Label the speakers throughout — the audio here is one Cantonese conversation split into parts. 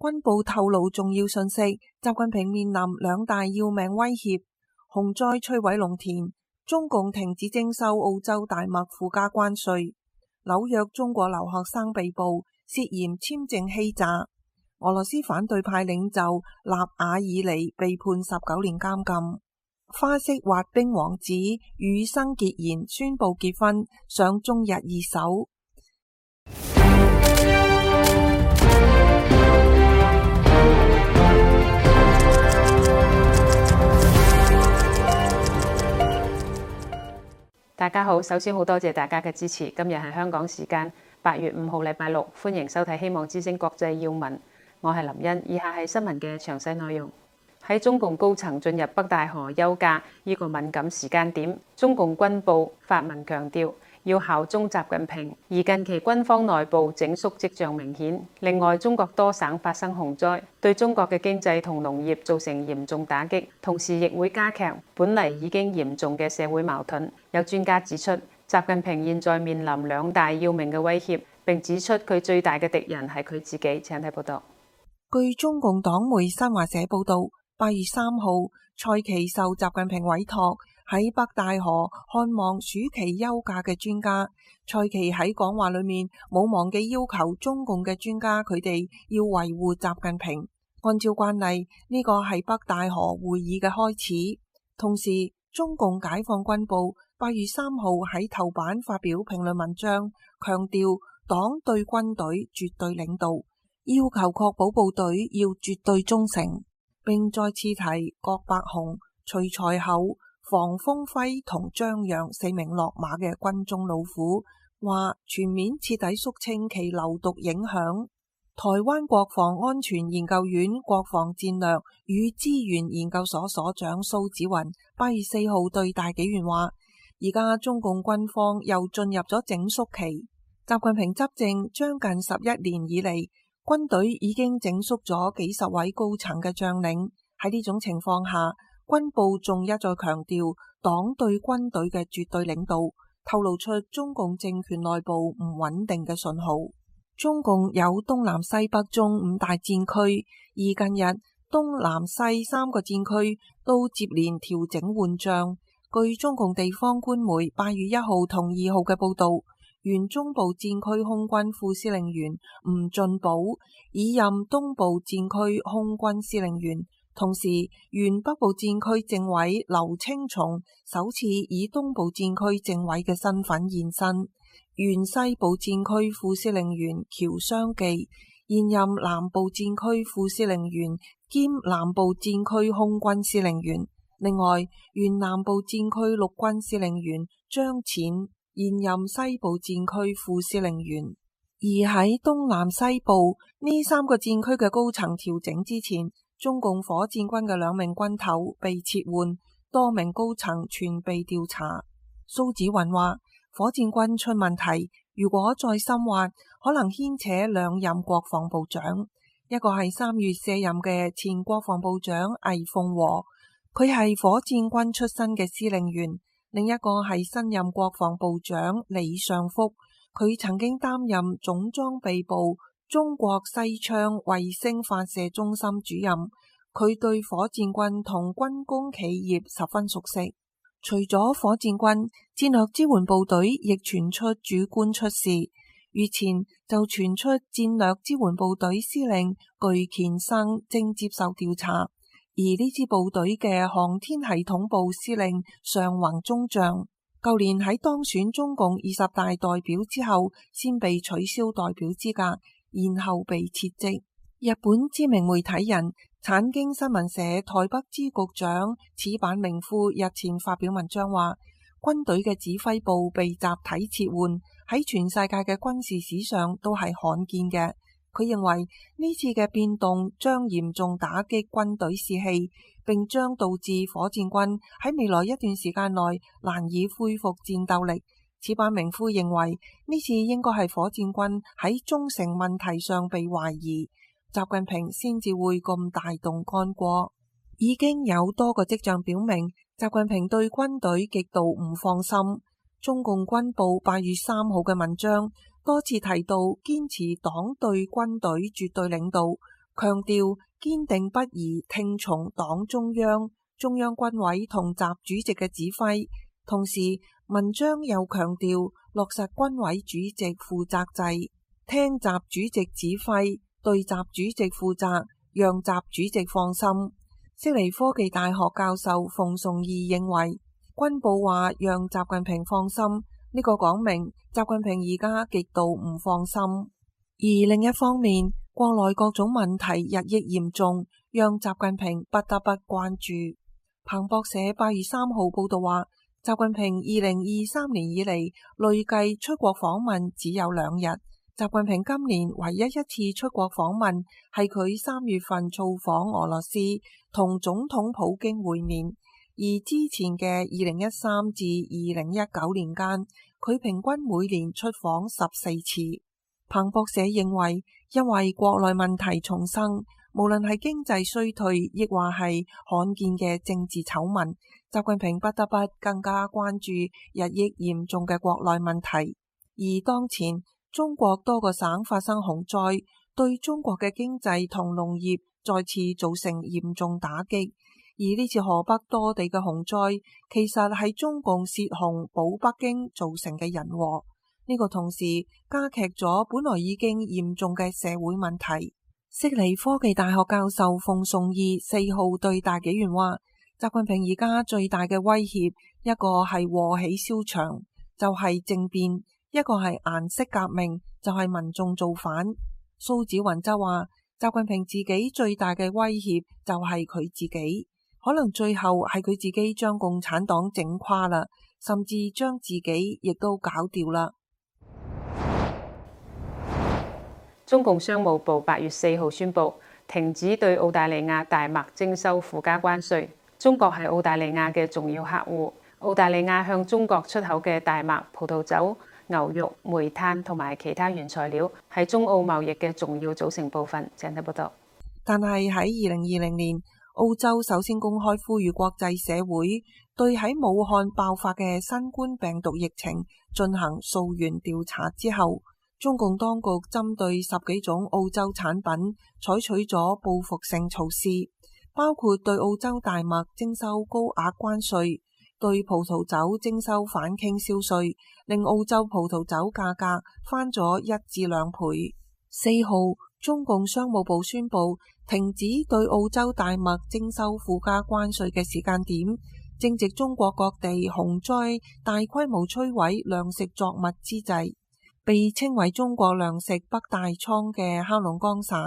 Speaker 1: 軍報透露重要信息：習近平面臨兩大要命威脅，洪災摧毀農田；中共停止徵收澳洲大麥附加關稅；紐約中國留學生被捕，涉嫌簽證欺詐；俄羅斯反對派領袖納瓦爾尼被判十九年監禁；花式滑冰王子羽生結弦宣布結婚，上中日熱搜。
Speaker 2: 大家好，首先好多謝大家嘅支持。今日係香港時間八月五號，禮拜六，歡迎收睇《希望之聲國際要聞》。我係林茵，以下係新聞嘅詳細內容。喺中共高層進入北戴河休假呢、這個敏感時間點，中共軍報發文強調。要效忠習近平，而近期軍方內部整肅跡象明顯，另外，中國多省發生洪災，對中國嘅經濟同農業造成嚴重打擊，同時亦會加強本嚟已經嚴重嘅社會矛盾。有專家指出，習近平現在面臨兩大要命嘅威脅，並指出佢最大嘅敵人係佢自己。請睇報道。
Speaker 1: 據中共黨媒《新華社》報道，八月三號，蔡奇受習近平委託。喺北戴河看望暑期休假嘅專家。蔡奇喺講話裏面冇忘記要求中共嘅專家，佢哋要維護習近平。按照慣例，呢個係北戴河會議嘅開始。同時，中共解放軍報八月三號喺頭版發表評論文章，強調黨對軍隊絕對領導，要求確保部隊要絕對忠誠，並再次提郭伯雄、徐才厚。防峰輝同張陽四名落馬嘅軍中老虎，話全面徹底肅清其流毒影響。台灣國防安全研究院國防戰略與資源研究所所長蘇紫雲八月四號對大紀元話：而家中共軍方又進入咗整肅期。習近平執政將近十一年以嚟，軍隊已經整肅咗幾十位高層嘅將領。喺呢種情況下，軍報仲一再強調黨對軍隊嘅絕對領導，透露出中共政權內部唔穩定嘅信號。中共有東南西北中五大戰區，而近日東南西三個戰區都接連調整換將。據中共地方官媒八月一號同二號嘅報道，原中部戰區空軍副司令員吳進寶已任東部戰區空軍司令員。同時，原北部戰區政委劉青松首次以東部戰區政委嘅身份現身；原西部戰區副司令員喬雙記現任南部戰區副司令員兼南部戰區空軍司令員。另外，原南部戰區陸軍司令員張踐現任西部戰區副司令員。而喺東南西部呢三個戰區嘅高層調整之前。中共火箭軍嘅兩名軍頭被撤換，多名高層全被調查。蘇紫雲話：火箭軍出問題，如果再深挖，可能牽扯兩任國防部長，一個係三月卸任嘅前國防部長魏鳳和，佢係火箭軍出身嘅司令員；另一個係新任國防部長李尚福，佢曾經擔任總裝備部。中國西昌衛星發射中心主任，佢對火箭軍同軍工企業十分熟悉。除咗火箭軍，戰略支援部隊亦傳出主官出事。日前就傳出戰略支援部隊司令巨乾生正接受調查，而呢支部隊嘅航天系統部司令尚宏中將，舊年喺當選中共二十大代表之後，先被取消代表資格。然後被撤職。日本知名媒體人產經新聞社台北支局長矢板明夫日前發表文章話，軍隊嘅指揮部被集體撤換，喺全世界嘅軍事史上都係罕見嘅。佢認為呢次嘅變動將嚴重打擊軍隊士氣，並將導致火箭軍喺未來一段時間內難以恢復戰鬥力。此班名夫認為，呢次應該係火箭軍喺忠誠問題上被懷疑，習近平先至會咁大動干戈。已經有多個跡象表明，習近平對軍隊極度唔放心。中共軍報八月三號嘅文章多次提到堅持黨對軍隊絕對領導，強調堅定不移聽從黨中央、中央軍委同習主席嘅指揮。同時，文章又強調落實軍委主席負責制，聽習主席指揮，對習主席負責，讓習主席放心。悉尼科技大學教授馮崇義認為，軍報話讓習近平放心，呢個講明習近平而家極度唔放心。而另一方面，國內各種問題日益嚴重，讓習近平不得不關注。彭博社八月三號報道話。習近平二零二三年以嚟，累計出國訪問只有兩日。習近平今年唯一一次出國訪問係佢三月份造訪俄羅斯，同總統普京會面。而之前嘅二零一三至二零一九年間，佢平均每年出訪十四次。彭博社認為，因為國內問題重生，無論係經濟衰退，亦或係罕見嘅政治醜聞。習近平不得不更加關注日益嚴重嘅國內問題，而當前中國多個省發生洪災，對中國嘅經濟同農業再次造成嚴重打擊。而呢次河北多地嘅洪災，其實係中共洩洪保北京造成嘅人禍，呢、這個同時加劇咗本來已經嚴重嘅社會問題。悉尼科技大學教授馮崇義四號對大紀元話。習近平而家最大嘅威脅一個係禍起蕭牆，就係、是、政變；一個係顏色革命，就係、是、民眾造反。蘇紫云則話，習近平自己最大嘅威脅就係佢自己，可能最後係佢自己將共產黨整垮啦，甚至將自己亦都搞掉啦。
Speaker 2: 中共商務部八月四號宣布，停止對澳大利亞大麥徵收附加關稅。中國係澳大利亞嘅重要客戶，澳大利亞向中國出口嘅大麥、葡萄酒、牛肉、煤炭同埋其他原材料，係中澳貿易嘅重要組成部分。鄭德報道。
Speaker 1: 但係喺二零二零年，澳洲首先公開呼籲國際社會對喺武漢爆發嘅新冠病毒疫情進行溯源調查之後，中共當局針對十幾種澳洲產品採取咗報復性措施。包括對澳洲大麥徵收高額關稅，對葡萄酒徵收反傾銷稅，令澳洲葡萄酒價格翻咗一至兩倍。四號，中共商務部宣布停止對澳洲大麥徵收附加關稅嘅時間點，正值中國各地洪災大規模摧毀糧食作物之際。被稱為中國糧食北大倉嘅黑龍江省，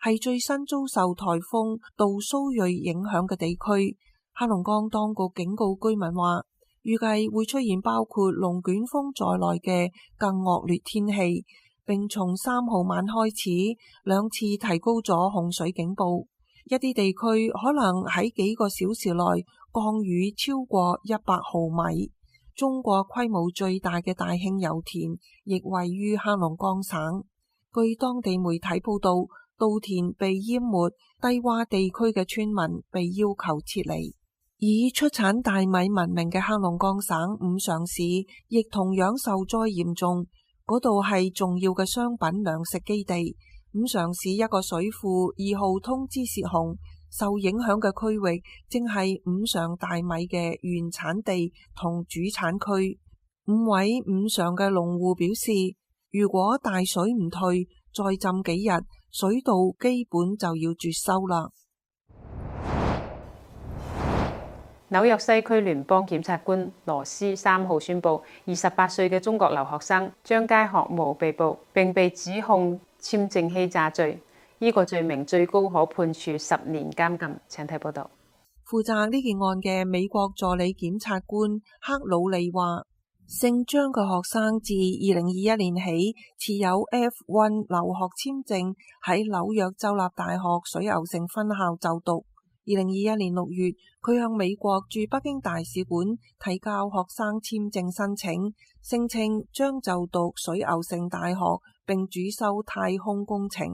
Speaker 1: 係最新遭受台風杜蘇芮影響嘅地區。黑龍江當局警告居民話，預計會出現包括龍捲風在內嘅更惡劣天氣，並從三號晚開始兩次提高咗洪水警報。一啲地區可能喺幾個小時內降雨超過一百毫米。中國規模最大嘅大慶油田亦位於黑龍江省。據當地媒體報道，稻田被淹沒，低洼地區嘅村民被要求撤離。以出產大米聞名嘅黑龍江省五常市，亦同樣受災嚴重。嗰度係重要嘅商品糧食基地。五常市一個水庫二號通知泄洪。受影響嘅區域正係五常大米嘅原產地同主產區。五位五常嘅農戶表示，如果大水唔退，再浸幾日，水稻基本就要絕收啦。紐約西區
Speaker 2: 聯邦檢察官羅斯三號宣布，二十八歲嘅中國留學生張佳學無被捕，并被指控簽證欺詐罪。呢個罪名最高可判處十年監禁。請睇報道。
Speaker 1: 負責呢件案嘅美國助理檢察官克魯里話，姓張嘅學生自二零二一年起持有 F1 留學簽證，喺紐約州立大學水牛城分校就讀。二零二一年六月，佢向美國駐北京大使館提交學生簽證申請，聲稱將就讀水牛城大學並主修太空工程。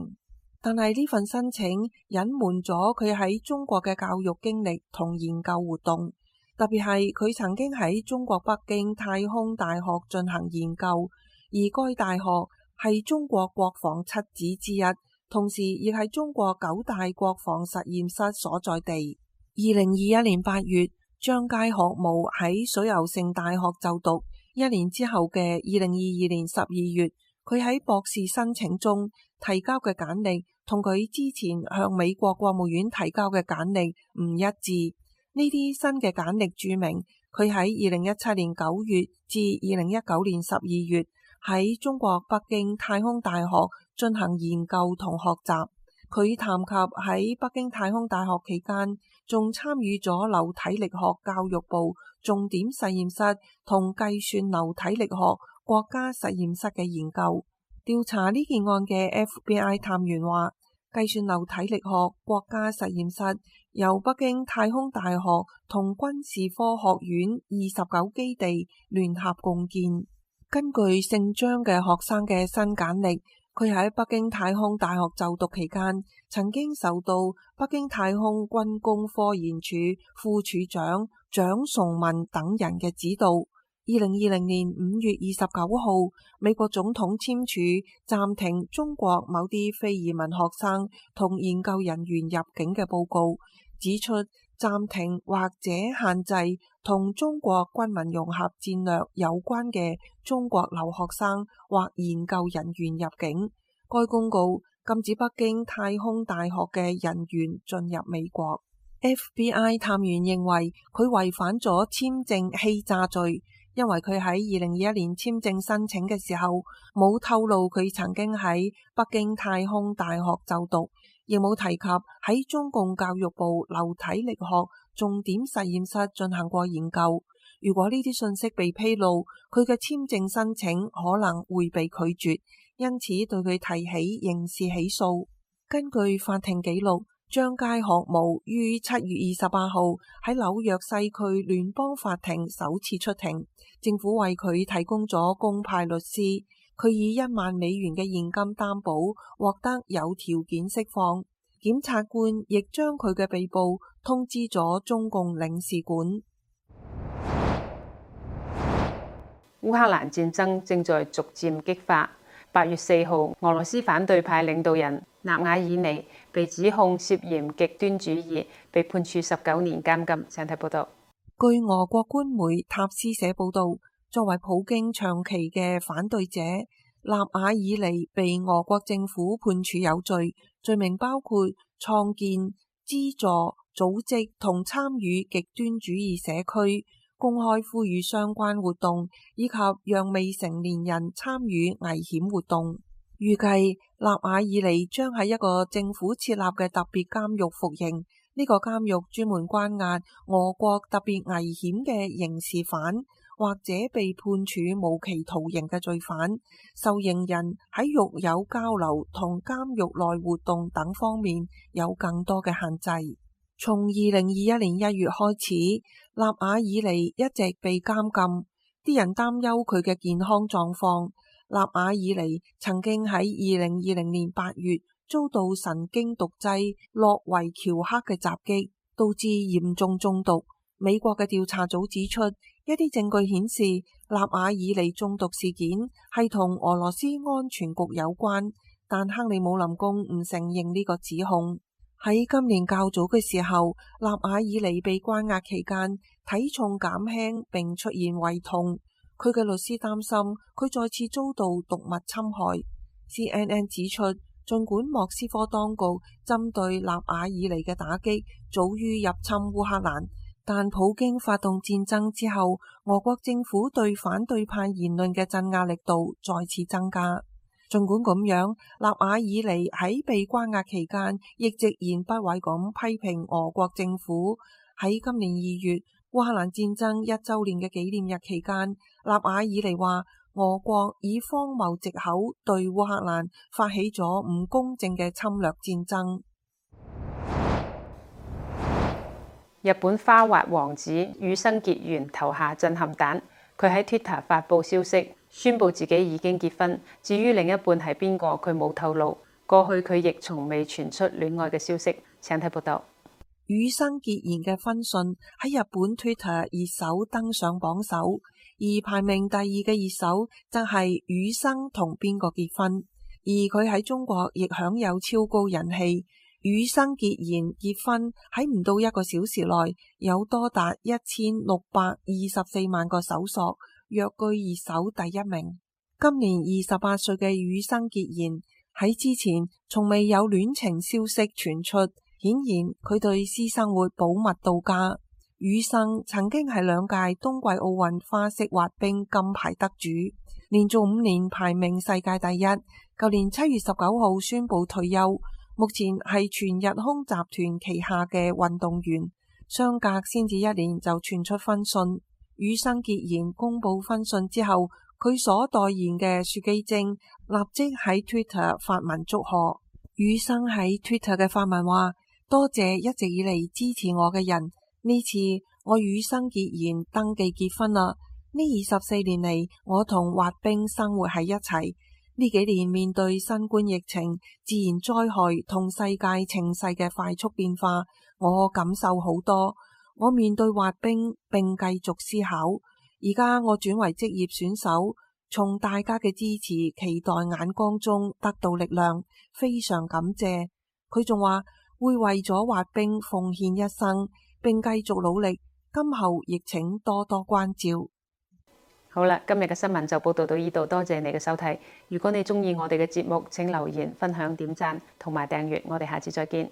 Speaker 1: 但係呢份申請隱瞞咗佢喺中國嘅教育經歷同研究活動，特別係佢曾經喺中國北京太空大學進行研究，而該大學係中國國防七子之一，同時亦係中國九大國防實驗室所在地。二零二一年八月，張佳學冇喺水牛城大學就讀，一年之後嘅二零二二年十二月，佢喺博士申請中提交嘅簡歷同佢之前向美國國務院提交嘅簡歷唔一致。呢啲新嘅簡歷註明佢喺二零一七年九月至二零一九年十二月喺中國北京太空大學進行研究同學習。佢談及喺北京太空大學期間，仲參與咗流體力學教育部重點實驗室同計算流體力學國家實驗室嘅研究。調查呢件案嘅 FBI 探員話，計算流體力學國家實驗室由北京太空大學同軍事科學院二十九基地聯合共建。根據姓張嘅學生嘅新簡歷，佢喺北京太空大學就讀期間，曾經受到北京太空軍工科研處副處長蔣崇文等人嘅指導。二零二零年五月二十九號，美國總統簽署暫停中國某啲非移民學生同研究人員入境嘅報告，指出暫停或者限制同中國軍民融合戰略有關嘅中國留學生或研究人員入境。該公告禁止北京太空大學嘅人員進入美國。FBI 探員認為佢違反咗簽證欺詐罪。因為佢喺二零二一年簽證申請嘅時候，冇透露佢曾經喺北京太空大學就讀，亦冇提及喺中共教育部流體力學重點實驗室進行過研究。如果呢啲信息被披露，佢嘅簽證申請可能會被拒絕，因此對佢提起刑事起訴。根據法庭記錄，張佳學無於七月二十八號喺紐約西區聯邦法庭首次出庭，政府為佢提供咗公派律師，佢以一萬美元嘅現金擔保獲得有條件釋放。檢察官亦將佢嘅被捕通知咗中共領事館。烏克蘭戰爭正在逐漸激
Speaker 2: 發。八月四號，俄羅斯反對派領導人納瓦爾尼。被指控涉嫌極端主義，被判處十九年監禁。請睇報道，
Speaker 1: 據俄國官媒塔斯社報道，作為普京長期嘅反對者，納瓦爾尼被俄國政府判處有罪，罪名包括創建、資助、組織同參與極端主義社區，公開呼籲相關活動，以及讓未成年人參與危險活動。預計納瓦爾尼將喺一個政府設立嘅特別監獄服刑。呢個監獄專門關押俄國特別危險嘅刑事犯或者被判處無期徒刑嘅罪犯。受刑人喺獄友交流同監獄內活動等方面有更多嘅限制。從二零二一年一月開始，納瓦爾尼一直被監禁。啲人擔憂佢嘅健康狀況。納瓦爾尼曾經喺二零二零年八月遭到神經毒劑諾維喬克嘅襲擊，導致嚴重中毒。美國嘅調查組指出，一啲證據顯示納瓦爾尼中毒事件係同俄羅斯安全局有關，但克里姆林宮唔承認呢個指控。喺今年較早嘅時候，納瓦爾尼被關押期間體重減輕，並出現胃痛。佢嘅律師擔心佢再次遭到毒物侵害。CNN 指出，儘管莫斯科當局針對納瓦爾尼嘅打擊早於入侵烏克蘭，但普京發動戰爭之後，俄國政府對反對派言論嘅鎮壓力度再次增加。儘管咁樣，納瓦爾尼喺被關押期間，亦直言不諱咁批評俄國政府喺今年二月，烏克蘭戰爭一周年嘅紀念日期間，納瓦爾尼話：俄國以荒謬借口對烏克蘭發起咗唔公正嘅侵略戰爭。日本花滑王子羽生結
Speaker 2: 弦投下震撼彈，佢喺 Twitter 發布消息，宣布自己已經結婚。至於另一半係邊個，佢冇透露。過去佢亦從未傳出戀愛嘅消息。
Speaker 1: 請睇報道。羽生結弦嘅婚訊喺日本 Twitter 熱搜登上榜首，而排名第二嘅熱搜就係羽生同邊個結婚。而佢喺中國亦享有超高人氣。羽生結弦結婚喺唔到一個小時內有多達一千六百二十四萬個搜索，躍居熱搜第一名。今年二十八歲嘅羽生結弦喺之前從未有戀情消息傳出。顯然佢對私生活保密到家。羽生曾經係兩屆冬季奧運花式滑冰金牌得主，連續五年排名世界第一。舊年七月十九號宣布退休，目前係全日空集團旗下嘅運動員。相隔先至一年就傳出婚訊，羽生結弦公布婚訊之後，佢所代言嘅雪肌精立即喺 Twitter 發文祝賀。羽生喺 Twitter 嘅發文話。多謝一直以嚟支持我嘅人，呢次我羽生結弦登記結婚啦。呢二十四年嚟，我同滑冰生活喺一齊。呢幾年面對新冠疫情、自然災害同世界情勢嘅快速變化，我感受好多。我面對滑冰，並繼續思考。而家我轉為職業選手，從大家嘅支持、期待眼光中得到力量，非常感謝。佢仲話。會為咗滑冰奉獻一生，並繼續努力。今後亦請多多關照。
Speaker 2: 好啦，今日嘅新聞就報道到呢度，多謝你嘅收睇。如果你鍾意我哋嘅節目，請留言、分享、點讚同埋訂閱。我哋下次再見。